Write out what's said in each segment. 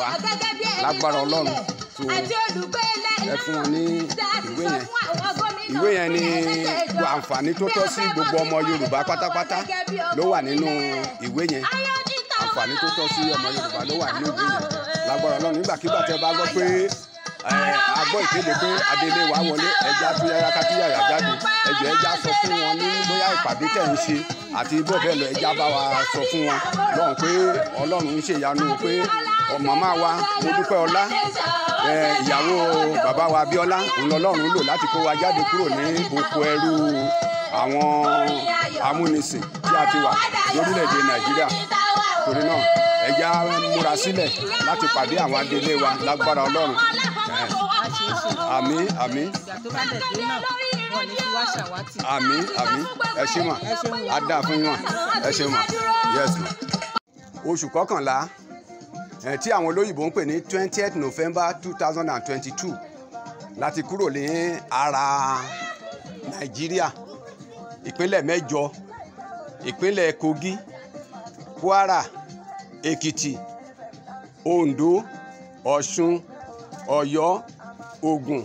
wá lágbára ọlọ́run tó ẹ fún wọn ní ìwé yẹn ìwé yẹn ni àǹfààní tó tọ́ sí gbogbo ọmọ yorùbá pátápátá ló wà nínú ìwé yẹn àǹfààní tó tọ́ sí ọmọ yorùbá ló wà nínú ìwé yẹn lágbára ọlọ́run nígbàkigbà tẹ́ bá gbọ́ pé agbọ́ ìkéde pé adelé wa wọlé ẹja tó yára kákíyà yà jáde ẹjọ ẹja sọ fún wọn ní bóyá ìpàdé tẹ̀ ń ṣe àti bọ́ọ̀bẹ́ lọ ẹja bá wa sọ fún wọn lọ́hùn pé ọlọ́run ń ṣèyanu pé màmá wa mo dúpẹ́ ọlá ìyàwó bàbá wa abíọ́lá òun lọ́lọ́run lò láti kó wa jáde kúrò ní oko ẹrú àwọn amúnisìn tí a ti wà lórílẹ̀‐èdè nàìjíríà torí náà ẹja múra sílẹ̀ láti pàdé àwọn adelé wa lágbára ọlọ́run àmì àmì àmì àmì ẹ ṣé mà á dà fún yín mà ẹ ṣé mà yes ma. oṣù kọkànlá eh, tí àwọn olóyìnbó ń pè ní twentieth november two thousand and twenty-two láti kúrò ní ara nàìjíríà ìpínlẹ̀ mẹ́jọ ìpínlẹ̀ kogi kwara èkìtì ondo ọ̀ṣun ọ̀yọ́ ògùn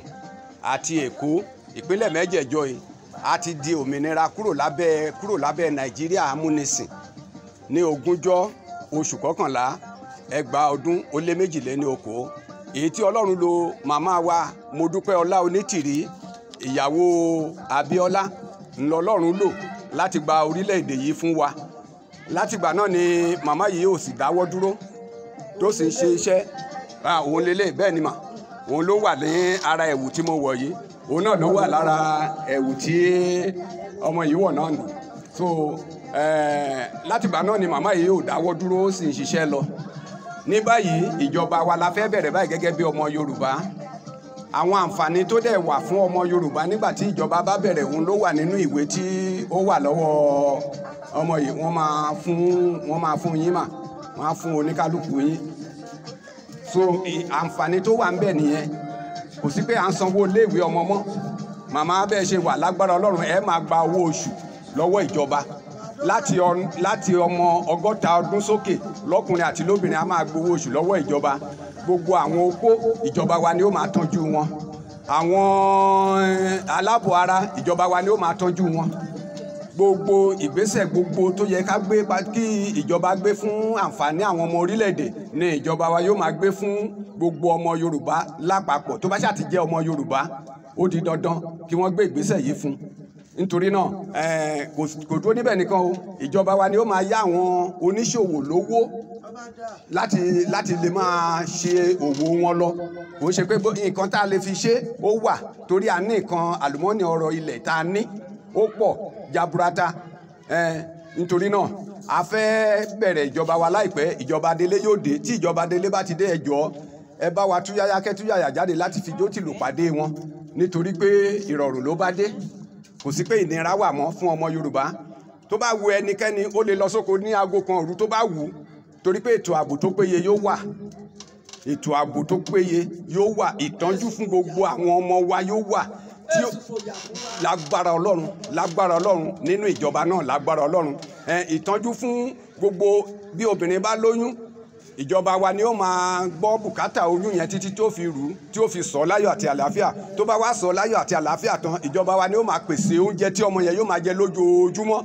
àti èkó ìpínlẹ̀ mẹ́jẹ̀ẹ̀jọ yìí a ti di òmìnira kúrò lábẹ́ kúrò lábẹ́ nàìjíríà amúnisìn ní ogúnjọ́ oṣù kọkànlá ẹgbàá ọdún ó lé méjìléní okò èyí tí ọlọ́run lo màmá wa modúpẹ́ ọlá onítìrí ìyàwó abíọ́lá ńlọlọ́run lò láti gba orílẹ̀-èdè yìí fún wa látìgbà náà ni màmá yìí ò sì dáwọ́ dúró tó sì ń ṣe iṣẹ́ òun lélẹ̀ bẹ́ẹ̀ ni mà òun ló wà ní ara ẹ̀wù tí mo wọ̀ yìí òun náà ló wà lára ẹ̀wù tí ọmọ yìí wọ̀ náà nì so látìgbà náà ni màmá yìí ò dáwọ́ dúró ó sì ń ṣiṣẹ́ lọ ní báyìí ìjọba wa la fẹ́ bẹ̀rẹ̀ báyìí gẹ́gẹ́ bí ọmọ Yorùbá àwọn àǹfààní tó dẹ̀ wà fún ọmọ Yorùbá nígbà tí ìjọba bá bẹ̀rẹ̀ òun ló wà nínú ìwé tí ó wà lọ́wọ́ ọmọ yìí wọ́n máa fún wọ́n máa fún yín mà wọ́n á fún oníkálukú yín so àǹfààní tó wà ń bẹ̀ nìyẹn kò sí pé à ń sanwó iléèwé ọmọ mọ́ màmá bẹ́ẹ̀ ṣe wà lágbára ọlọ́run ẹ máa gba owó oṣù lọ́wọ́ ìjọba láti ọmọ ọgọ́ta ọdún sókè lọ́kùnrin àti lóbìnrin a máa gbowó oṣù lọ́wọ́ ìjọba gbogbo àwọn opó ìjọba wa ni ó máa tọ́jú wọn àwọn eh, aláàbò ara ìjọba wa ni ó máa tọ́jú wọn gbogbo ìgbésẹ̀ gbogbo tó yẹ ká gbé kí ìjọba gbé fún àǹfààní àwọn ọmọ orílẹ̀-èdè ni ìjọba wa yóò máa gbé fún gbogbo ọmọ Yorùbá lápapọ̀ tó bá ṣáà ti jẹ́ ọmọ Yorùbá ó di dandan kí wọ́n gbé ìgbésẹ̀ yìí fún nítorí náà eh, kò dúró níbẹ̀ nìkan o ìjọba wa ni ó máa yá àwọn oníṣòwò lówó láti láti lè máa ṣe òwò wọn lọ kò ń ṣe pé nǹkan tá a lè fi ṣe ó wà torí a ní nǹkan àlùmọ́ọ́nì ọrọ̀ ilẹ̀ tá a ní ó pọ̀ jaburata nítorí náà a fẹ́ bẹ̀rẹ̀ ìjọba wa láìpẹ́ ìjọba délé yóò dé tí ìjọba délé bá ti dé ẹjọ́ ẹ bá wa túyáyá kẹ́túyàyà jáde láti fi jó tìlù pàdé wọn nítorí pé ìrọ̀rùn ló bá dé kò sí pé ìnira wà mọ́ fún ọmọ Yorùbá tó bá wu ẹnikẹ́ni ó lè lọ sóko ní aago kan òru tó bá wù ú torí pé ètò ààbò tó péye yóò wà ètò ààbò tó péye yóò wà ìtọ́jú fún gbogbo àwọn ọmọ wa yóò wà tí ó lágbára ọlọ́run lágbára ọlọ́run nínú ìjọba náà lágbára ọlọ́run ìtọ́jú fún gbogbo bí obìnrin bá lóyún ìjọba wa ni ó máa gbọ́ bùkátà oyún yẹn títí tó fi rù ú tí ó fi sọ láyọ̀ àti àlàáfíà tó bá wá sọ láyọ̀ àti àlàáfíà tán ìjọba wa ni ó máa pèsè oúnjẹ tí ọmọ yẹn yóò máa jẹ lójoojúmọ́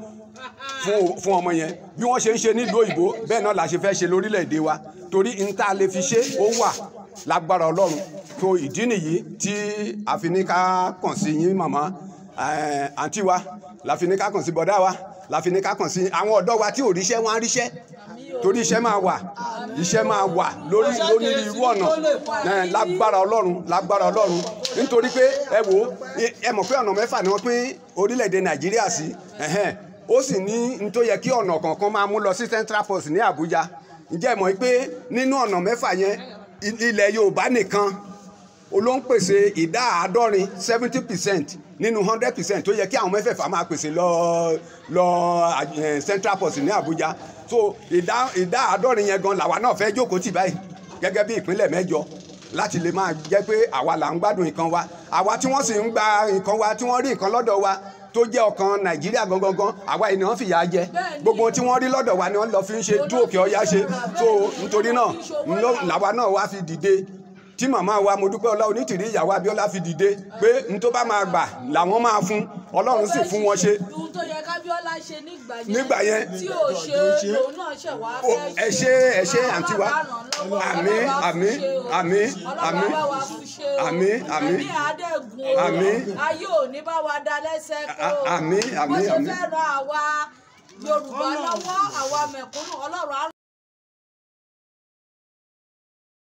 fún ọmọ yẹn bí wọ́n ṣe ń ṣe nílùú òyìnbó bẹ́ẹ̀ náà la ṣe fẹ́ ṣe lórílẹ̀‐èdè wa torí n tá a lè fi ṣe ó wà lágbára ọlọ́run tó ìdí nìyí tí a fi ní ká kàn sí yín màmá eh, àǹtí wa la fi ní ká kàn sí bọ́dá wa la fi ní ká kàn sí àwọn ọ̀dọ́ wa tí ò ríṣẹ́ wọn á ríṣẹ́ torí iṣẹ́ máa wà iṣẹ́ máa wà lórí lórí irú ọ̀nà eh, lágbára ọlọ́run lágbára ọlọ́run nítorí pé ẹ wò ẹ mọ̀ pé ọ̀nà mẹ́fà ni wọ́n pín orílẹ̀-èdè nàìjíríà sí ó sì ní n tó yẹ kí ọ̀nà kọ̀ọ̀kan máa mú lọ sí central post ní àbújá ǹjẹ́ mọ̀ pé nínú ọ̀nà mẹ́fà yẹn ilẹ̀ yorùbá nìkan ló ń pèsè ìdá àádọ́rin seventy percent nínú hundred percent tó yẹ kí àwọn mẹ́fẹ̀ẹ̀fà máa pèsè lọ lọ central post ní àbújá so ìdá ìdá àádọ́rin yẹn gan làwa náà fẹ́ jókòó tì báyìí gẹ́gẹ́ bí ìpínlẹ̀ mẹ́jọ láti lè máa jẹ́ pé àwa là ń gbádùn nǹkan wa àwa tí wọ́n sì ń gba nǹkan wa tí wọ́n rí nǹkan lọ́dọ̀ wa tó jẹ́ ọkàn nàìjíríà gangan àwa yìí ni wọ́n fìyà jẹ gbogbo tí wọ́n rí lọ́dọ̀ wa ni wọ́n lọ fi ń ṣe tú òkè ọ̀yá ṣe so nítorí náà làwa náà wá fi dìde tí màmá wa Modúpẹ́ Ọlá Onítìrí ìyàwó Abíọ́lá fi dìde pé n tó bá máa gbà làwọn máa fún ọlọ́run sì fún wọn ṣe. ohun tó yẹ kábíọ́lá ṣe nígbà yẹn tí ò ṣe òun náà ṣẹ̀ wá fẹ́ ṣe. ẹ ṣe ẹ ṣe àǹtí wa àmín àmín àmín àmín àmín àmín àmín ayé ò ní bá wa da lẹ́sẹ̀ kó àmín àmín àmín bó ṣe fẹ́ ran àwa Yorùbá lọ́wọ́ àwa mẹ̀kúnnù ọlọ́run á